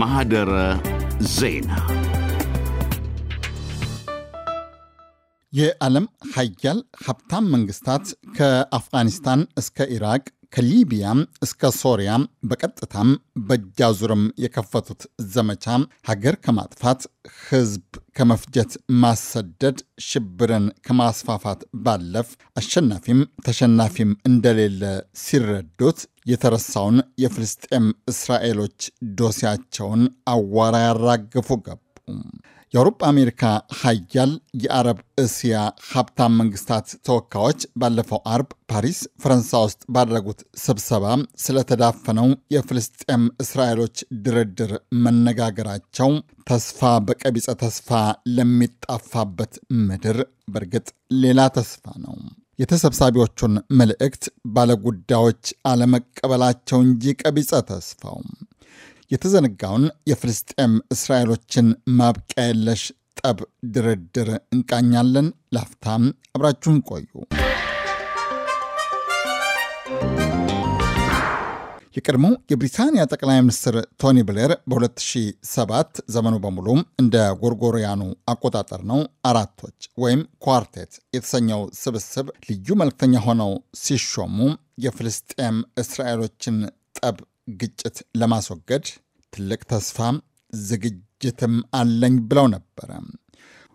ማህደረ ዜና የዓለም ሀያል ሀብታም መንግስታት ከአፍጋኒስታን እስከ ኢራቅ ከሊቢያ እስከ ሶሪያ በቀጥታም በእጃዙርም የከፈቱት ዘመቻ ሀገር ከማጥፋት ህዝብ ከመፍጀት ማሰደድ፣ ሽብርን ከማስፋፋት ባለፍ አሸናፊም ተሸናፊም እንደሌለ ሲረዱት የተረሳውን የፍልስጤም እስራኤሎች ዶሴያቸውን አዋራ ያራግፉ ገቡ። የአውሮፓ አሜሪካ ሀያል የአረብ እስያ ሀብታም መንግስታት ተወካዮች ባለፈው አርብ ፓሪስ ፈረንሳይ ውስጥ ባደረጉት ስብሰባ ስለተዳፈነው የፍልስጤም እስራኤሎች ድርድር መነጋገራቸው ተስፋ በቀቢጸ ተስፋ ለሚጣፋበት ምድር በእርግጥ ሌላ ተስፋ ነው። የተሰብሳቢዎቹን መልእክት ባለጉዳዮች አለመቀበላቸው እንጂ ቀቢፀ ተስፋው የተዘነጋውን የፍልስጤም እስራኤሎችን ማብቂያ የለሽ ጠብ ድርድር እንቃኛለን። ላፍታም አብራችሁን ቆዩ። የቀድሞው የብሪታንያ ጠቅላይ ሚኒስትር ቶኒ ብሌር በ2007 ዘመኑ በሙሉ እንደ ጎርጎሪያኑ አቆጣጠር ነው አራቶች ወይም ኳርቴት የተሰኘው ስብስብ ልዩ መልክተኛ ሆነው ሲሾሙ የፍልስጤም እስራኤሎችን ጠብ ግጭት ለማስወገድ ትልቅ ተስፋም ዝግጅትም አለኝ ብለው ነበረ።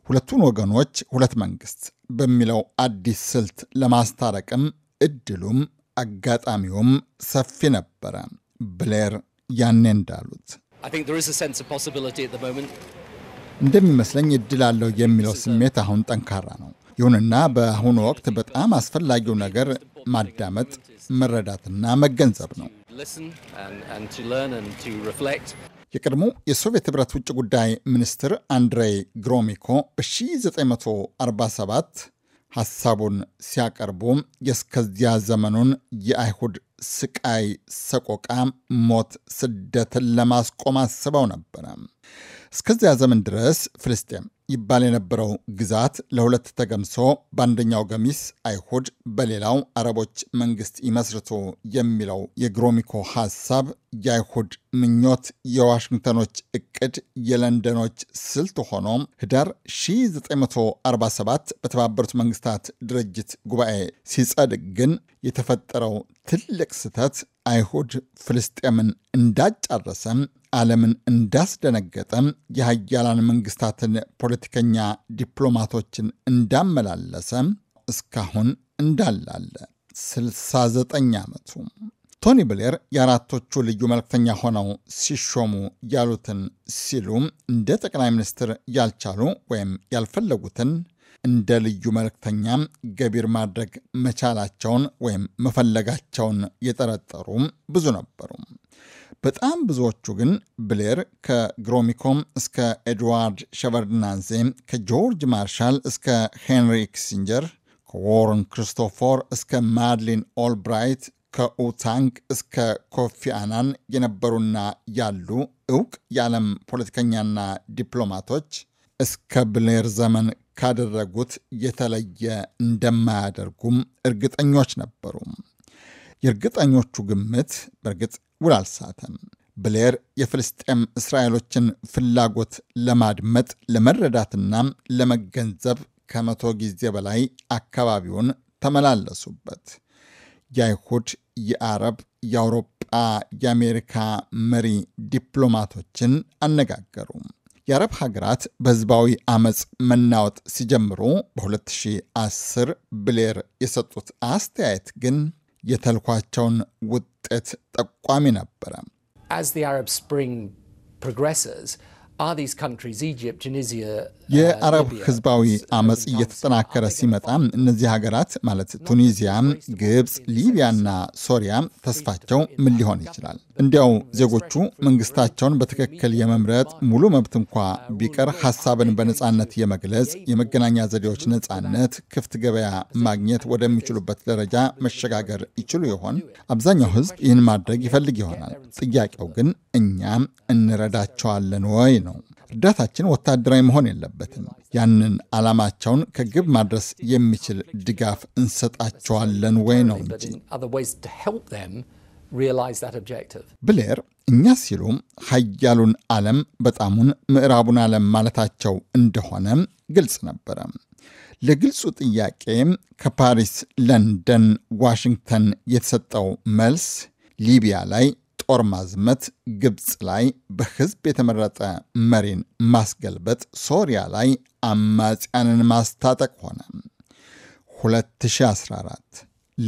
ሁለቱን ወገኖች ሁለት መንግስት በሚለው አዲስ ስልት ለማስታረቅም እድሉም አጋጣሚውም ሰፊ ነበረ። ብሌር ያኔ እንዳሉት እንደሚመስለኝ እድል አለው የሚለው ስሜት አሁን ጠንካራ ነው። ይሁንና በአሁኑ ወቅት በጣም አስፈላጊው ነገር ማዳመጥ መረዳትና መገንዘብ ነው። የቀድሞ የሶቪየት ህብረት ውጭ ጉዳይ ሚኒስትር አንድሬይ ግሮሚኮ በ1947 ሐሳቡን ሲያቀርቡ የእስከዚያ ዘመኑን የአይሁድ ስቃይ፣ ሰቆቃ፣ ሞት፣ ስደትን ለማስቆም አስበው ነበረ። እስከዚያ ዘመን ድረስ ፍልስጤም ይባል የነበረው ግዛት ለሁለት ተገምሶ በአንደኛው ገሚስ አይሁድ፣ በሌላው አረቦች መንግስት ይመስርቱ የሚለው የግሮሚኮ ሐሳብ የአይሁድ ምኞት፣ የዋሽንግተኖች እቅድ፣ የለንደኖች ስልት ሆኖ ህዳር 1947 በተባበሩት መንግስታት ድርጅት ጉባኤ ሲጸድቅ ግን የተፈጠረው ትልቅ ስህተት አይሁድ ፍልስጤምን እንዳጫረሰም ዓለምን እንዳስደነገጠም የሀያላን መንግስታትን ፖለቲከኛ ዲፕሎማቶችን እንዳመላለሰ እስካሁን እንዳላለ 69 ዓመቱ ቶኒ ብሌር የአራቶቹ ልዩ መልክተኛ ሆነው ሲሾሙ ያሉትን ሲሉ እንደ ጠቅላይ ሚኒስትር ያልቻሉ ወይም ያልፈለጉትን እንደ ልዩ መልእክተኛ ገቢር ማድረግ መቻላቸውን ወይም መፈለጋቸውን የጠረጠሩ ብዙ ነበሩ። በጣም ብዙዎቹ ግን ብሌር ከግሮሚኮም እስከ ኤድዋርድ ሸቨርድናንዜ ከጆርጅ ማርሻል እስከ ሄንሪ ክሲንጀር፣ ከዎረን ክርስቶፎር እስከ ማድሊን ኦልብራይት ከኡታንግ እስከ ኮፊ አናን የነበሩና ያሉ እውቅ የዓለም ፖለቲከኛና ዲፕሎማቶች እስከ ብሌር ዘመን ካደረጉት የተለየ እንደማያደርጉም እርግጠኞች ነበሩ። የእርግጠኞቹ ግምት በእርግጥ ውል አልሳተም። ብሌር የፍልስጤም እስራኤሎችን ፍላጎት ለማድመጥ ለመረዳትና ለመገንዘብ ከመቶ ጊዜ በላይ አካባቢውን ተመላለሱበት። የአይሁድ፣ የአረብ፣ የአውሮጳ፣ የአሜሪካ መሪ ዲፕሎማቶችን አነጋገሩ። የአረብ ሀገራት በህዝባዊ አመፅ መናወጥ ሲጀምሩ በ2010 ብሌር የሰጡት አስተያየት ግን የተልኳቸውን ውጤት ጠቋሚ ነበረ። As the Arab Spring progresses, are these countries, Egypt, Tunisia, የአረብ ህዝባዊ አመፅ እየተጠናከረ ሲመጣ እነዚህ ሀገራት ማለት ቱኒዚያ፣ ግብፅ፣ ሊቢያና ሶሪያ ተስፋቸው ምን ሊሆን ይችላል? እንዲያው ዜጎቹ መንግስታቸውን በትክክል የመምረጥ ሙሉ መብት እንኳ ቢቀር ሀሳብን በነፃነት የመግለጽ የመገናኛ ዘዴዎች ነፃነት፣ ክፍት ገበያ ማግኘት ወደሚችሉበት ደረጃ መሸጋገር ይችሉ ይሆን? አብዛኛው ህዝብ ይህን ማድረግ ይፈልግ ይሆናል። ጥያቄው ግን እኛም እንረዳቸዋለን ወይ ነው። እርዳታችን ወታደራዊ መሆን የለበትም። ያንን ዓላማቸውን ከግብ ማድረስ የሚችል ድጋፍ እንሰጣቸዋለን ወይ ነው እንጂ። ብሌር እኛ ሲሉ ሀያሉን ዓለም በጣሙን ምዕራቡን ዓለም ማለታቸው እንደሆነ ግልጽ ነበረ። ለግልጹ ጥያቄ ከፓሪስ፣ ለንደን፣ ዋሽንግተን የተሰጠው መልስ ሊቢያ ላይ ጦር ማዝመት፣ ግብፅ ላይ በህዝብ የተመረጠ መሪን ማስገልበጥ፣ ሶሪያ ላይ አማጽያንን ማስታጠቅ ሆነ። 2014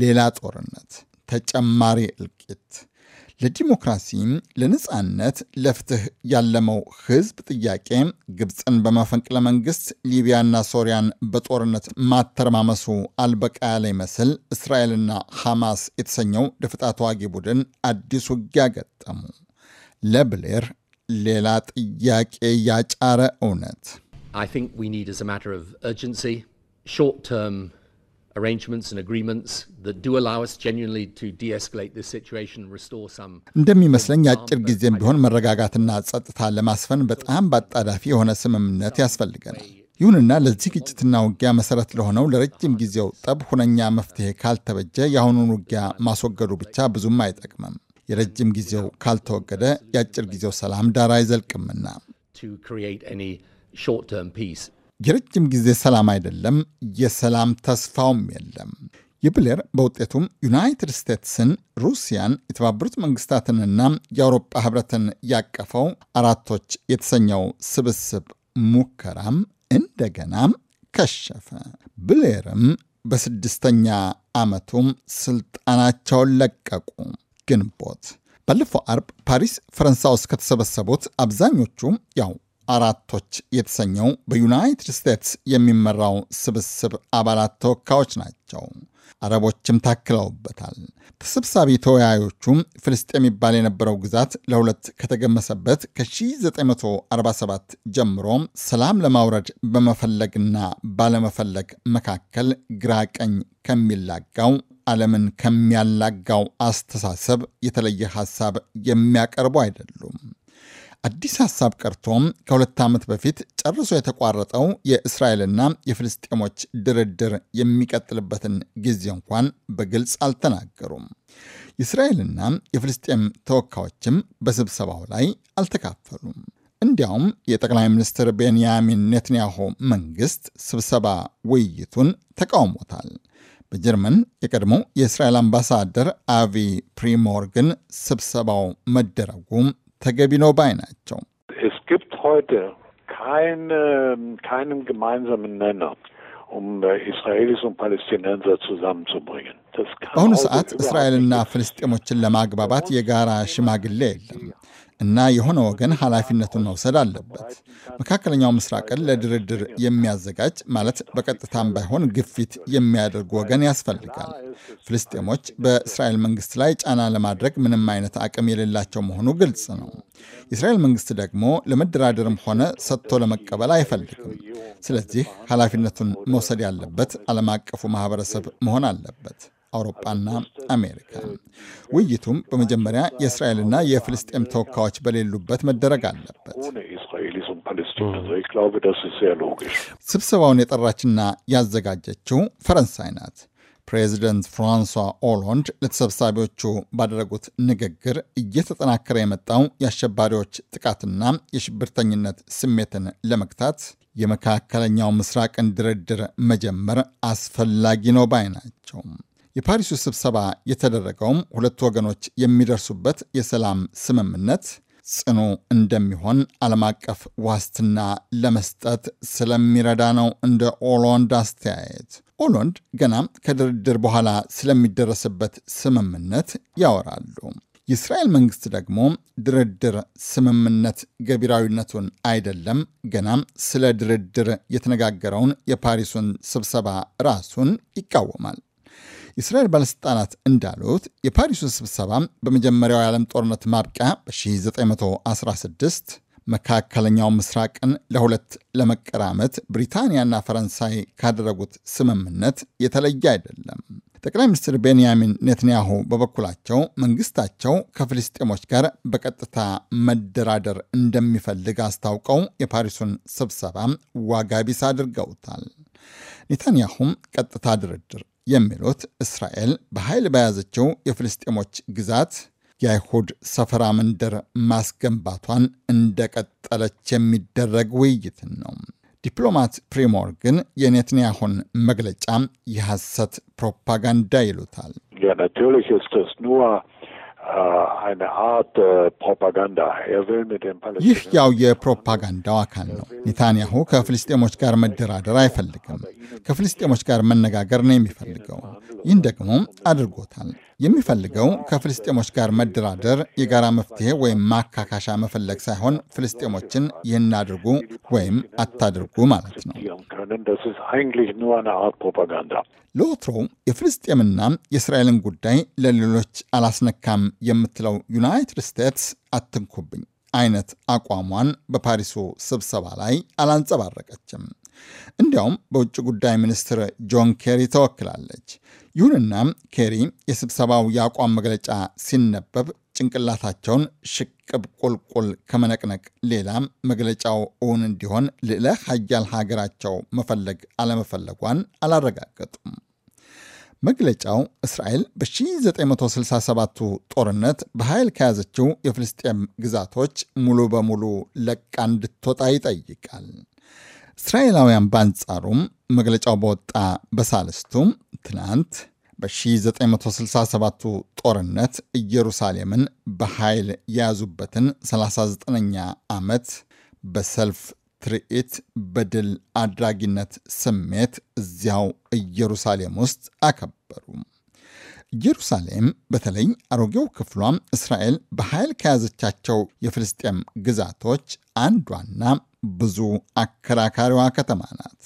ሌላ ጦርነት፣ ተጨማሪ እልቂት ለዲሞክራሲ፣ ለነጻነት፣ ለፍትህ ያለመው ህዝብ ጥያቄ ግብፅን በመፈንቅለ መንግስት ሊቢያና ሶሪያን በጦርነት ማተረማመሱ አልበቃ ያለ ይመስል እስራኤልና ሐማስ የተሰኘው ደፈጣ ተዋጊ ቡድን አዲስ ውጊያ ገጠሙ። ለብሌር ሌላ ጥያቄ ያጫረ እውነት እንደሚመስለኝ አጭር ጊዜም ቢሆን መረጋጋትና ጸጥታ ለማስፈን በጣም በአጣዳፊ የሆነ ስምምነት ያስፈልገናል። ይሁንና ለዚህ ግጭትና ውጊያ መሰረት ለሆነው ለረጅም ጊዜው ጠብ ሁነኛ መፍትሄ ካልተበጀ የአሁኑን ውጊያ ማስወገዱ ብቻ ብዙም አይጠቅምም። የረጅም ጊዜው ካልተወገደ የአጭር ጊዜው ሰላም ዳር አይዘልቅምና። የረጅም ጊዜ ሰላም አይደለም፣ የሰላም ተስፋውም የለም። የብሌር በውጤቱም ዩናይትድ ስቴትስን፣ ሩሲያን፣ የተባበሩት መንግስታትንና የአውሮፓ ህብረትን ያቀፈው አራቶች የተሰኘው ስብስብ ሙከራም እንደገና ከሸፈ። ብሌርም በስድስተኛ ዓመቱም ስልጣናቸውን ለቀቁ ግንቦት ባለፈው አርብ ፓሪስ ፈረንሳይ ውስጥ ከተሰበሰቡት አብዛኞቹ ያው አራቶች የተሰኘው በዩናይትድ ስቴትስ የሚመራው ስብስብ አባላት ተወካዮች ናቸው። አረቦችም ታክለውበታል። ተሰብሳቢ ተወያዮቹ ፍልስጤም የሚባል የነበረው ግዛት ለሁለት ከተገመሰበት ከ1947 ጀምሮ ሰላም ለማውረድ በመፈለግና ባለመፈለግ መካከል ግራቀኝ ከሚላጋው ዓለምን ከሚያላጋው አስተሳሰብ የተለየ ሐሳብ የሚያቀርቡ አይደሉም። አዲስ ሀሳብ ቀርቶም ከሁለት ዓመት በፊት ጨርሶ የተቋረጠው የእስራኤልና የፍልስጤሞች ድርድር የሚቀጥልበትን ጊዜ እንኳን በግልጽ አልተናገሩም። የእስራኤልና የፍልስጤም ተወካዮችም በስብሰባው ላይ አልተካፈሉም። እንዲያውም የጠቅላይ ሚኒስትር ቤንያሚን ኔትንያሁ መንግስት ስብሰባ ውይይቱን ተቃውሞታል። በጀርመን የቀድሞው የእስራኤል አምባሳደር አቪ ፕሪሞር ግን ስብሰባው መደረጉ ተገቢ ነው ባይ ናቸው። እስግብት ሆይደ ካይንም ሰዓት እስራኤልና ፍልስጤሞችን ለማግባባት የጋራ ሽማግሌ የለም። እና የሆነ ወገን ኃላፊነቱን መውሰድ አለበት። መካከለኛው ምስራቅን ለድርድር የሚያዘጋጅ ማለት በቀጥታም ባይሆን ግፊት የሚያደርግ ወገን ያስፈልጋል። ፍልስጤሞች በእስራኤል መንግስት ላይ ጫና ለማድረግ ምንም አይነት አቅም የሌላቸው መሆኑ ግልጽ ነው። የእስራኤል መንግስት ደግሞ ለመደራደርም ሆነ ሰጥቶ ለመቀበል አይፈልግም። ስለዚህ ኃላፊነቱን መውሰድ ያለበት ዓለም አቀፉ ማህበረሰብ መሆን አለበት። አውሮፓና አሜሪካ። ውይይቱም በመጀመሪያ የእስራኤልና የፍልስጤም ተወካዮች በሌሉበት መደረግ አለበት። ስብሰባውን የጠራችና ያዘጋጀችው ፈረንሳይ ናት። ፕሬዚደንት ፍራንሷ ኦሎንድ ለተሰብሳቢዎቹ ባደረጉት ንግግር እየተጠናከረ የመጣው የአሸባሪዎች ጥቃትና የሽብርተኝነት ስሜትን ለመግታት የመካከለኛው ምስራቅን ድርድር መጀመር አስፈላጊ ነው ባይ ናቸው። የፓሪሱ ስብሰባ የተደረገውም ሁለቱ ወገኖች የሚደርሱበት የሰላም ስምምነት ጽኑ እንደሚሆን ዓለም አቀፍ ዋስትና ለመስጠት ስለሚረዳ ነው። እንደ ኦሎንድ አስተያየት ኦሎንድ ገና ከድርድር በኋላ ስለሚደረስበት ስምምነት ያወራሉ። የእስራኤል መንግስት ደግሞ ድርድር ስምምነት ገቢራዊነቱን አይደለም ገና ስለ ድርድር የተነጋገረውን የፓሪሱን ስብሰባ ራሱን ይቃወማል። የእስራኤል ባለሥልጣናት እንዳሉት የፓሪሱ ስብሰባ በመጀመሪያው የዓለም ጦርነት ማብቂያ በ1916 መካከለኛው ምስራቅን ለሁለት ለመቀራመት ብሪታንያና ፈረንሳይ ካደረጉት ስምምነት የተለየ አይደለም። ጠቅላይ ሚኒስትር ቤንያሚን ኔትንያሁ በበኩላቸው መንግስታቸው ከፍልስጤሞች ጋር በቀጥታ መደራደር እንደሚፈልግ አስታውቀው የፓሪሱን ስብሰባ ዋጋ ቢስ አድርገውታል። ኔታንያሁም ቀጥታ ድርድር የሚሉት እስራኤል በኃይል በያዘችው የፍልስጤሞች ግዛት የአይሁድ ሰፈራ መንደር ማስገንባቷን እንደቀጠለች የሚደረግ ውይይትን ነው። ዲፕሎማት ፕሪሞር ግን የኔትንያሁን መግለጫ የሐሰት ፕሮፓጋንዳ ይሉታል። eine Art äh, Propaganda. ይህ ያው የፕሮፓጋንዳው አካል ነው። ኔታንያሁ ከፍልስጤሞች ጋር መደራደር አይፈልግም። ከፍልስጤሞች ጋር መነጋገር ነው የሚፈልገው። ይህን ደግሞ አድርጎታል። የሚፈልገው ከፍልስጤሞች ጋር መደራደር፣ የጋራ መፍትሄ ወይም ማካካሻ መፈለግ ሳይሆን ፍልስጤሞችን ይህን አድርጉ ወይም አታድርጉ ማለት ነው። ለወትሮው የፍልስጤምና የእስራኤልን ጉዳይ ለሌሎች አላስነካም የምትለው ዩናይትድ ስቴትስ አትንኩብኝ አይነት አቋሟን በፓሪሱ ስብሰባ ላይ አላንጸባረቀችም። እንዲያውም በውጭ ጉዳይ ሚኒስትር ጆን ኬሪ ተወክላለች። ይሁንና ኬሪ የስብሰባው የአቋም መግለጫ ሲነበብ ጭንቅላታቸውን ሽቅብ ቁልቁል ከመነቅነቅ ሌላ መግለጫው እውን እንዲሆን ልዕለ ሀያል ሀገራቸው መፈለግ አለመፈለጓን አላረጋገጡም። መግለጫው እስራኤል በ1967ቱ ጦርነት በኃይል ከያዘችው የፍልስጤም ግዛቶች ሙሉ በሙሉ ለቃ እንድትወጣ ይጠይቃል። እስራኤላውያን በአንጻሩም መግለጫው በወጣ በሳልስቱ ትናንት በ1967ቱ ጦርነት ኢየሩሳሌምን በኃይል የያዙበትን 39ኛ ዓመት በሰልፍ ትርኢት በድል አድራጊነት ስሜት እዚያው ኢየሩሳሌም ውስጥ አከበሩ። ኢየሩሳሌም በተለይ አሮጌው ክፍሏ እስራኤል በኃይል ከያዘቻቸው የፍልስጤም ግዛቶች አንዷና ብዙ አከራካሪዋ ከተማ ናት።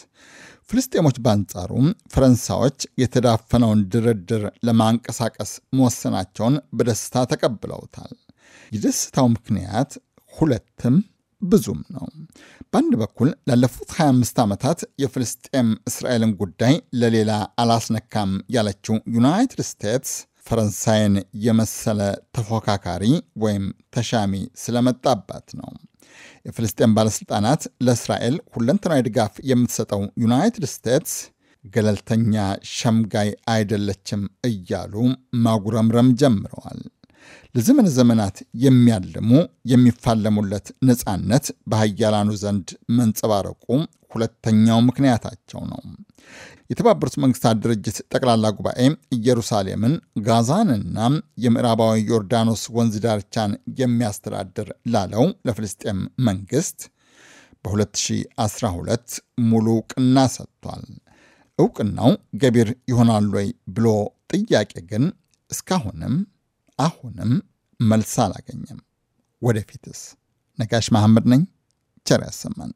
ፍልስጤሞች በአንጻሩም ፈረንሳዮች የተዳፈነውን ድርድር ለማንቀሳቀስ መወሰናቸውን በደስታ ተቀብለውታል። የደስታው ምክንያት ሁለትም ብዙም ነው። በአንድ በኩል ላለፉት 25 ዓመታት የፍልስጤም እስራኤልን ጉዳይ ለሌላ አላስነካም ያለችው ዩናይትድ ስቴትስ ፈረንሳይን የመሰለ ተፎካካሪ ወይም ተሻሚ ስለመጣባት ነው። የፍልስጤን ባለሥልጣናት ለእስራኤል ሁለንተናዊ ድጋፍ የምትሰጠው ዩናይትድ ስቴትስ ገለልተኛ ሸምጋይ አይደለችም እያሉ ማጉረምረም ጀምረዋል። ለዘመን ዘመናት የሚያልሙ የሚፋለሙለት ነፃነት በሀያላኑ ዘንድ መንጸባረቁ ሁለተኛው ምክንያታቸው ነው። የተባበሩት መንግስታት ድርጅት ጠቅላላ ጉባኤ ኢየሩሳሌምን፣ ጋዛንና የምዕራባዊ ዮርዳኖስ ወንዝ ዳርቻን የሚያስተዳድር ላለው ለፍልስጤም መንግስት በ2012 ሙሉ እውቅና ሰጥቷል። እውቅናው ገቢር ይሆናል ወይ ብሎ ጥያቄ ግን እስካሁንም አሁንም መልስ አላገኘም። ወደፊትስ? ነጋሽ መሐመድ ነኝ። ቸር ያሰማን።